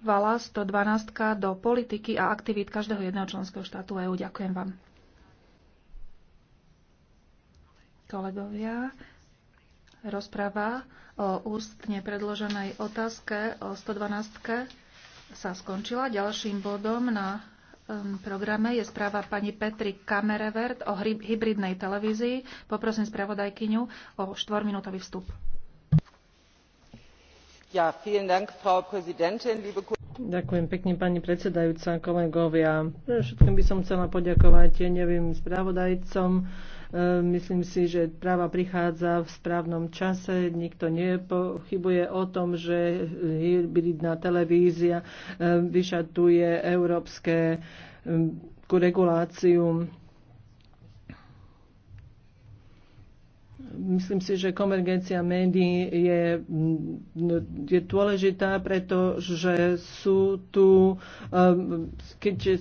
Vala 112 do politiky a aktivít každého jedného členského štátu EÚ. Ďakujem vám. Kolegovia, rozpráva o ústne predloženej otázke o 112 sa skončila. Ďalším bodom na programe je správa pani Petri Kamerevert o hybridnej televízii. Poprosím spravodajkyňu o štvorminútový vstup. Ďakujem pekne, pani predsedajúca, kolegovia. Všetkým by som chcela poďakovať tieňovým spravodajcom. E, myslím si, že práva prichádza v správnom čase. Nikto nepochybuje o tom, že hybridná televízia e, vyšatuje európske reguláciu Myslím si, že konvergencia médií je, no, je dôležitá, pretože sú tu, eh, keď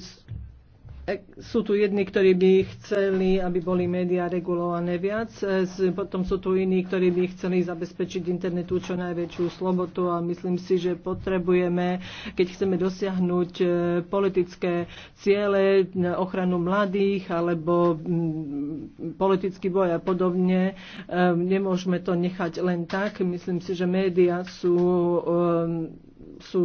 sú tu jedni, ktorí by chceli, aby boli médiá regulované viac, e, potom sú tu iní, ktorí by chceli zabezpečiť internetu čo najväčšiu slobodu a myslím si, že potrebujeme, keď chceme dosiahnuť e, politické ciele, e, ochranu mladých alebo mm, politický boj a podobne, nemôžeme to nechať len tak. Myslím si, že médiá sú, sú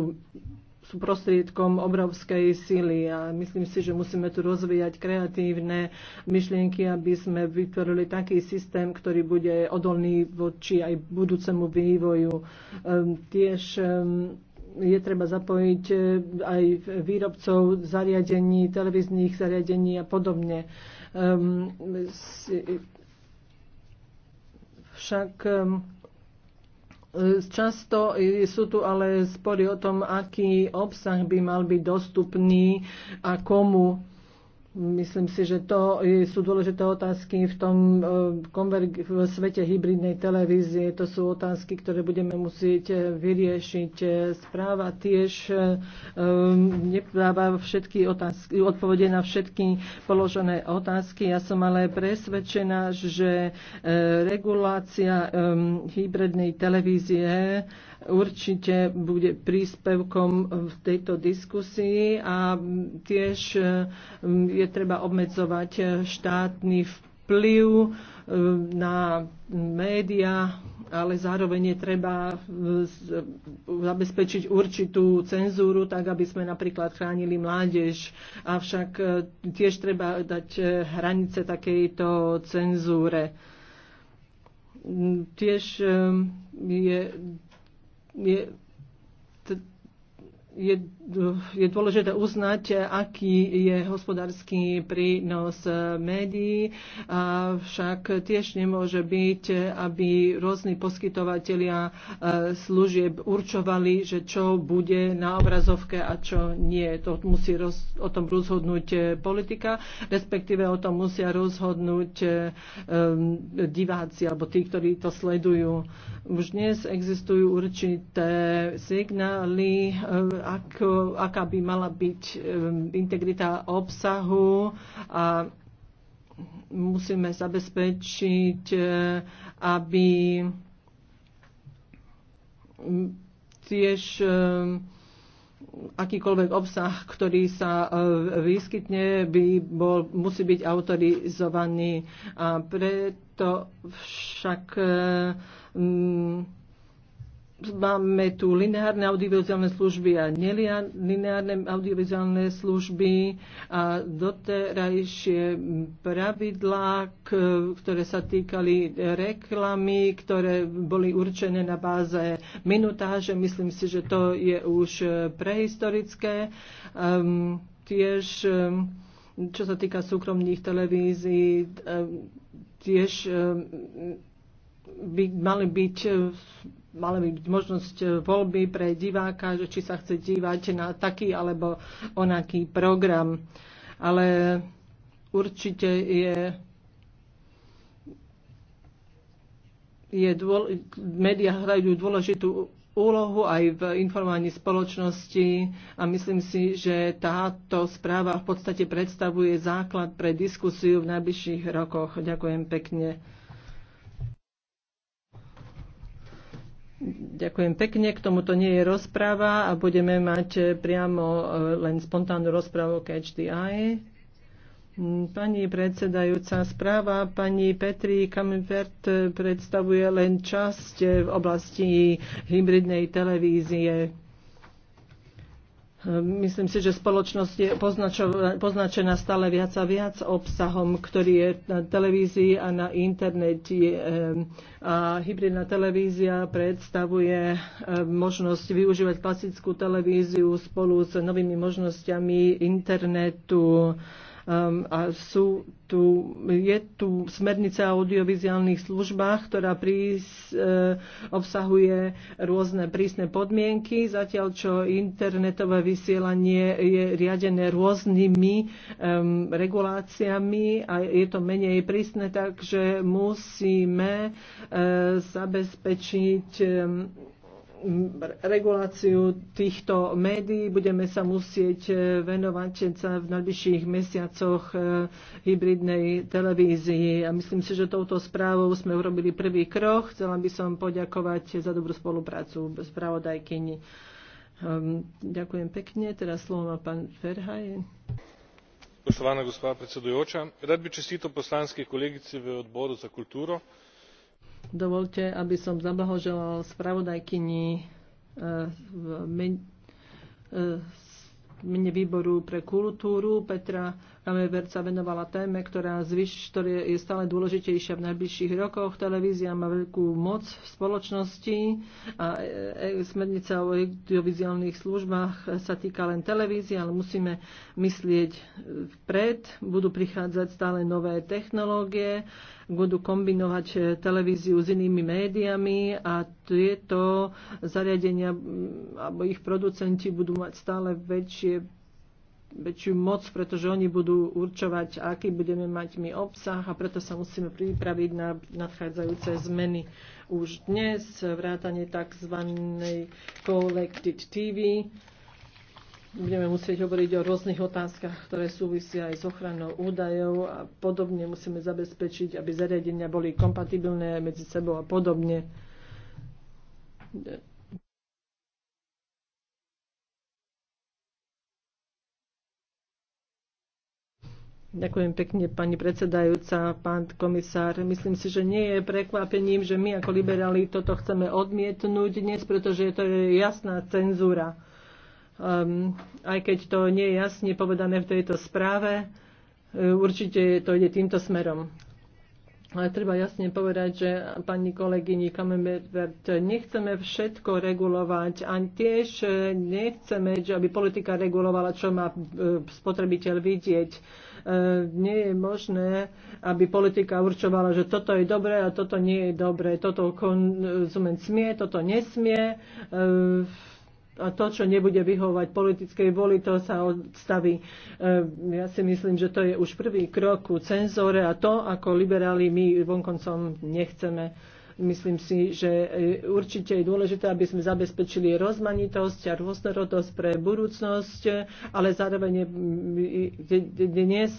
sú prostriedkom obrovskej síly a myslím si, že musíme tu rozvíjať kreatívne myšlienky, aby sme vytvorili taký systém, ktorý bude odolný voči aj budúcemu vývoju. Ehm, tiež ehm, je treba zapojiť e, aj výrobcov zariadení, televíznych zariadení a podobne. Ehm, e, e, však Často sú tu ale spory o tom, aký obsah by mal byť dostupný a komu Myslím si, že to sú dôležité otázky v tom eh, konverg- v svete hybridnej televízie. To sú otázky, ktoré budeme musieť eh, vyriešiť. Eh, správa tiež um, nepráva všetky otázky, odpovede na všetky položené otázky. Ja som ale presvedčená, že regulácia um, hybridnej televízie určite bude príspevkom v tejto diskusii a tiež je je treba obmedzovať eh, štátny vplyv eh, na médiá, ale zároveň je treba eh, zabezpečiť určitú cenzúru, tak aby sme napríklad chránili mládež. Avšak tiež treba dať hranice takejto cenzúre. Mm, tiež je, je je, je dôležité uznať, aký je hospodársky prínos médií, avšak tiež nemôže byť, aby rôzni poskytovateľia e, služieb určovali, že čo bude na obrazovke a čo nie. To musí roz, o tom rozhodnúť e, politika, respektíve o tom musia rozhodnúť e, diváci alebo tí, ktorí to sledujú. Už dnes existujú určité signály, ak, aká by mala byť integrita obsahu a musíme zabezpečiť, e, aby tiež e, akýkoľvek obsah, ktorý sa e, vyskytne, by bol, musí byť autorizovaný. A preto však Máme tu lineárne audiovizuálne služby a nelineárne audiovizuálne služby a doterajšie pravidlá, ktoré sa týkali reklamy, ktoré boli určené na báze minutáže. Myslím si, že to je už prehistorické. Um, tiež, ehm, čo sa týka súkromných televízií, ehm, tiež by mali byť mala by byť možnosť e, voľby pre diváka, že či sa chce dívať na taký alebo onaký program. Ale určite je je dôl, médiá hrajú dôležitú úlohu aj v informovaní spoločnosti a myslím si, že táto správa v podstate predstavuje základ pre diskusiu v najbližších rokoch. Ďakujem pekne. Ďakujem pekne, k tomuto nie je rozpráva a budeme mať eh, priamo eh, len spontánnu rozprávu HDI. Pani predsedajúca správa, pani Petri Kamenvert eh, predstavuje len časť v oblasti hybridnej televízie. Myslím si, že spoločnosť je poznačená stále viac a viac obsahom, ktorý je na televízii a na internete. E, a hybridná televízia predstavuje e, možnosť využívať klasickú televíziu spolu s novými možnosťami internetu, Ehm, a sú tu, je tu smernica o audiovizuálnych službách, ktorá prís, e, obsahuje rôzne prísne podmienky, zatiaľ čo internetové vysielanie je riadené rôznymi e, reguláciami a je to menej prísne, takže musíme e, zabezpečiť e, reguláciu týchto médií. Budeme sa musieť e, venovať sa v najbližších mesiacoch e, hybridnej televízii. A myslím si, že touto správou sme urobili prvý krok. Chcela by som poďakovať za dobrú spoluprácu spravodajkyni. Ehm, ďakujem pekne. Teraz slovo má pán Ferhaj. Poštovaná gospa predsedujoča rád by čestito poslanski kolegici v odboru za kultúru. Dovolte, aby som zablahoželal spravodajkyni eh, v eh, mene výboru pre kultúru Petra verca venovala téme, ktorá zvyš, ktoré je stále dôležitejšia v najbližších rokoch. Televízia má veľkú moc v spoločnosti a e, e, smernica o audiovizuálnych službách sa týka len televízie, ale musíme myslieť vpred. Budú prichádzať stále nové technológie, budú kombinovať televíziu s inými médiami a tieto zariadenia alebo ich producenti budú mať stále väčšie väčšiu moc, pretože oni budú určovať, aký budeme mať my obsah a preto sa musíme pripraviť na nadchádzajúce zmeny už dnes, vrátanie tzv. Collected TV. Budeme musieť hovoriť o rôznych otázkach, ktoré súvisia aj s ochranou údajov a podobne. Musíme zabezpečiť, aby zariadenia boli kompatibilné medzi sebou a podobne Ďakujem pekne, pani predsedajúca, pán komisár. Myslím si, že nie je prekvapením, že my ako liberáli toto chceme odmietnúť dnes, pretože to je jasná cenzúra. Um, aj keď to nie je jasne povedané v tejto správe, uh, určite to ide týmto smerom. Ale treba jasne povedať, že pani kolegyni Kamembert, nechceme všetko regulovať a tiež nechceme, aby politika regulovala, čo má uh, spotrebiteľ vidieť E, nie je možné, aby politika určovala, že toto je dobré a toto nie je dobré, toto konzument smie, toto nesmie e, a to, čo nebude vyhovať politickej voli, to sa odstaví. E, ja si myslím, že to je už prvý krok ku cenzore a to, ako liberáli, my vonkoncom nechceme Myslím si, že e, určite je dôležité, aby sme zabezpečili rozmanitosť a rôznorodosť pre budúcnosť, e, ale zároveň e, dnes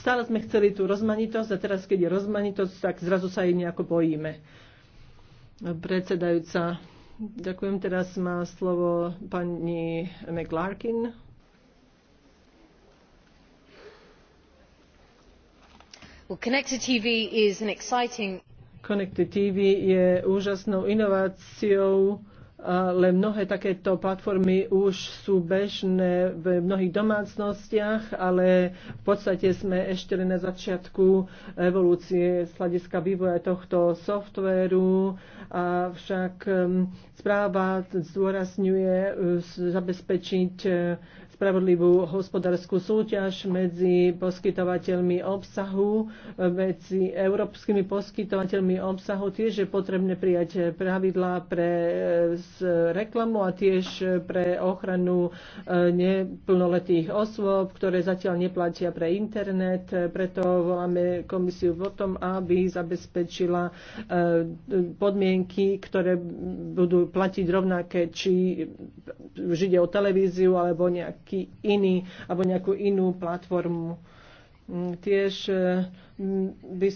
stále sme chceli tú rozmanitosť a teraz, keď je rozmanitosť, tak zrazu sa jej nejako bojíme. Predsedajúca, ďakujem. Teraz má slovo pani McLarkin. Well, connected tv is an exciting Connected TV je úžasnou inováciou, ale mnohé takéto platformy už sú bežné v mnohých domácnostiach, ale v podstate sme ešte len na začiatku evolúcie z hľadiska vývoja tohto softvéru, avšak ehm, správa zdôrazňuje eh, zabezpečiť eh, spravodlivú hospodárskú súťaž medzi poskytovateľmi obsahu, eh, medzi európskymi poskytovateľmi obsahu. Tiež je potrebné prijať pravidlá pre E, reklamu a tiež e, pre ochranu e, neplnoletých osôb, ktoré zatiaľ neplatia pre internet. Preto voláme komisiu o tom, aby zabezpečila podmienky, ktoré budú platiť rovnaké, či už ide o televíziu alebo nejaký iný, alebo nejakú inú platformu. Mm, tiež by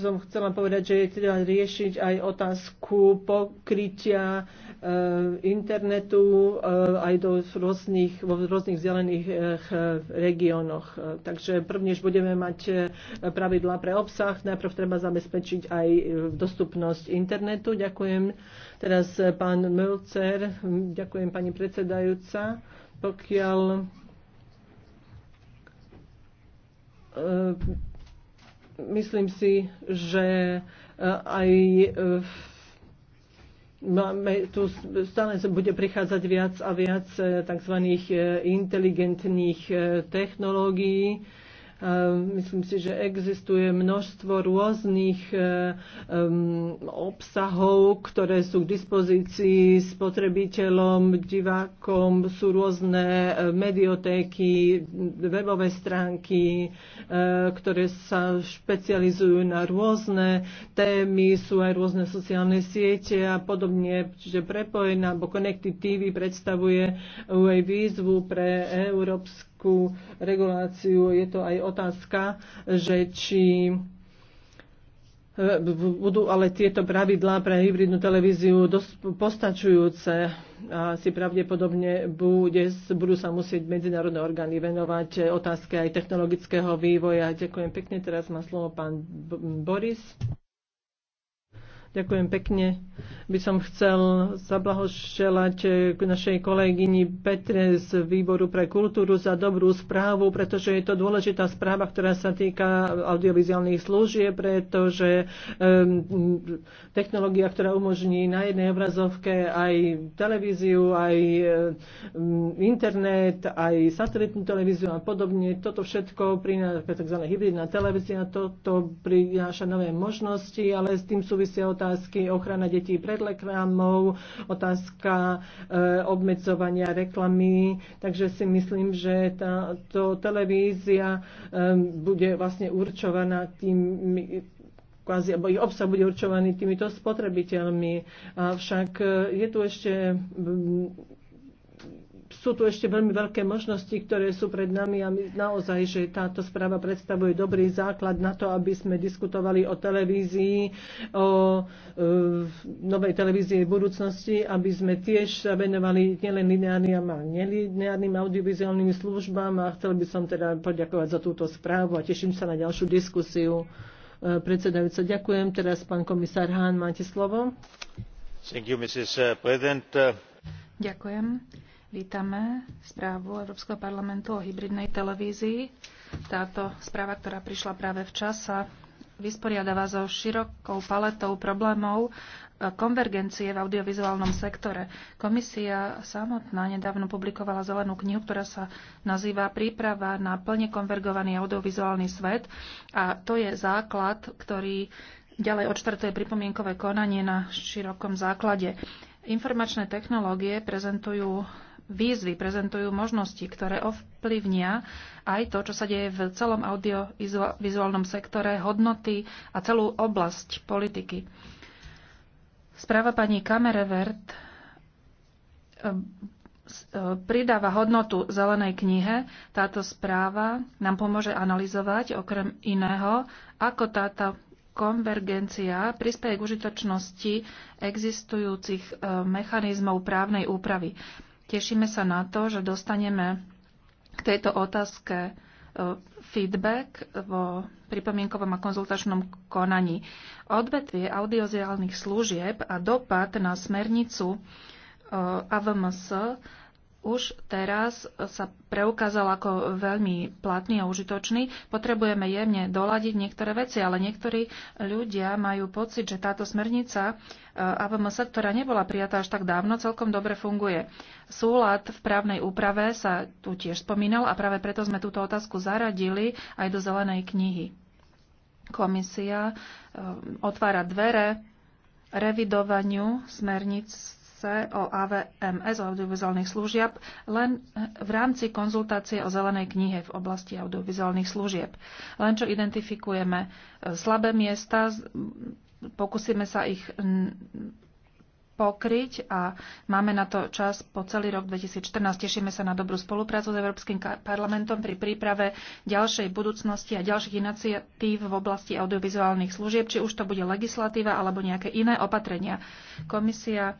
som chcela povedať, že je treba riešiť aj otázku pokrytia Eh, internetu eh, aj do rôznych, vo rôznych vzdialených eh, regiónoch. Takže prvnež budeme mať pravidlá pre obsah, najprv treba zabezpečiť aj dostupnosť internetu. Ďakujem teraz pán Mölcer, ďakujem pani predsedajúca. Pokiaľ myslím si, že aj v máme tu stále bude prichádzať viac a viac eh, tzv. Eh, inteligentných eh, technológií, Ehm, myslím si, že existuje množstvo rôznych ehm, obsahov, ktoré sú k dispozícii spotrebiteľom, divákom, sú rôzne e, mediotéky, webové stránky, e, ktoré sa špecializujú na rôzne témy, sú aj rôzne sociálne siete a podobne. Čiže prepojená alebo Connected TV predstavuje aj e, výzvu pre európske európsku reguláciu. Je to aj otázka, že či e, budú ale tieto pravidlá pre hybridnú televíziu dosť postačujúce a si pravdepodobne bude, budú sa musieť medzinárodné orgány venovať otázke aj technologického vývoja. Ďakujem pekne. Teraz má slovo pán Boris. Ďakujem pekne. By som chcel zablahoželať eh, k našej kolegyni Petre z Výboru pre kultúru za dobrú správu, pretože je to dôležitá správa, ktorá sa týka audiovizuálnych služieb, pretože um, technológia, ktorá umožní na jednej obrazovke aj televíziu, aj um, internet, aj satelitnú televíziu a podobne, toto všetko prináša tzv. hybridná televízia, toto prináša nové možnosti, ale s tým súvisia otázka otázky ochrana detí pred reklamou, otázka e, obmedzovania reklamy. Takže si myslím, že táto televízia e, bude vlastne určovaná tým kvázi, alebo ich obsah bude určovaný týmito spotrebiteľmi. Avšak e, je tu ešte sú tu ešte veľmi veľké možnosti, ktoré sú pred nami a my naozaj, že táto správa predstavuje dobrý základ na to, aby sme diskutovali o televízii, o e, novej televízii v budúcnosti, aby sme tiež sa venovali nielen lineárnym a nelineárnym audiovizuálnym službám a chcel by som teda poďakovať za túto správu a teším sa na ďalšiu diskusiu. E, predsedajúca, ďakujem. Teraz pán komisár Hán, máte slovo. Thank you, Mrs. President. Ďakujem. Vítame správu Európskeho parlamentu o hybridnej televízii. Táto správa, ktorá prišla práve v čase, vysporiadáva so širokou paletou problémov e, konvergencie v audiovizuálnom sektore. Komisia samotná nedávno publikovala zelenú knihu, ktorá sa nazýva Príprava na plne konvergovaný audiovizuálny svet a to je základ, ktorý ďalej odštartuje pripomienkové konanie na širokom základe. Informačné technológie prezentujú výzvy prezentujú možnosti, ktoré ovplyvnia aj to, čo sa deje v celom audiovizuálnom sektore, hodnoty a celú oblasť politiky. Správa pani Kamerevert eh, eh, pridáva hodnotu zelenej knihe. Táto správa nám pomôže analyzovať okrem iného, ako táto konvergencia prispieje k užitočnosti existujúcich eh, mechanizmov právnej úpravy. Tešíme sa na to, že dostaneme k tejto otázke e, feedback vo pripomienkovom a konzultačnom konaní. Odvetvie audioziálnych služieb a dopad na smernicu e, AVMS už teraz sa preukázal ako veľmi platný a užitočný. Potrebujeme jemne doladiť niektoré veci, ale niektorí ľudia majú pocit, že táto smernica e, AVMS, ktorá nebola prijatá až tak dávno, celkom dobre funguje. Súlad v právnej úprave sa tu tiež spomínal a práve preto sme túto otázku zaradili aj do zelenej knihy. Komisia e, otvára dvere revidovaniu smerníc praxe o AVMS, o audiovizuálnych služieb, len v rámci konzultácie o zelenej knihe v oblasti audiovizuálnych služieb. Len čo identifikujeme e, slabé miesta, pokúsime sa ich pokryť a máme na to čas po celý rok 2014. Tešíme sa na dobrú spoluprácu s Európskym parlamentom pri príprave ďalšej budúcnosti a ďalších iniciatív v oblasti audiovizuálnych služieb, či už to bude legislatíva alebo nejaké iné opatrenia. Komisia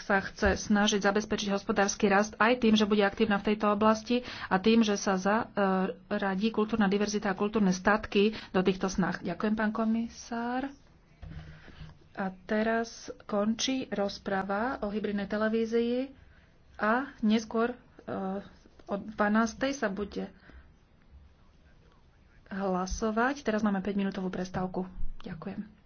sa chce snažiť zabezpečiť hospodársky rast aj tým, že bude aktívna v tejto oblasti a tým, že sa zaradí e, kultúrna diverzita a kultúrne statky do týchto snah. Ďakujem, pán komisár. A teraz končí rozprava o hybridnej televízii a neskôr e, o 12. sa bude hlasovať. Teraz máme 5-minútovú prestávku. Ďakujem.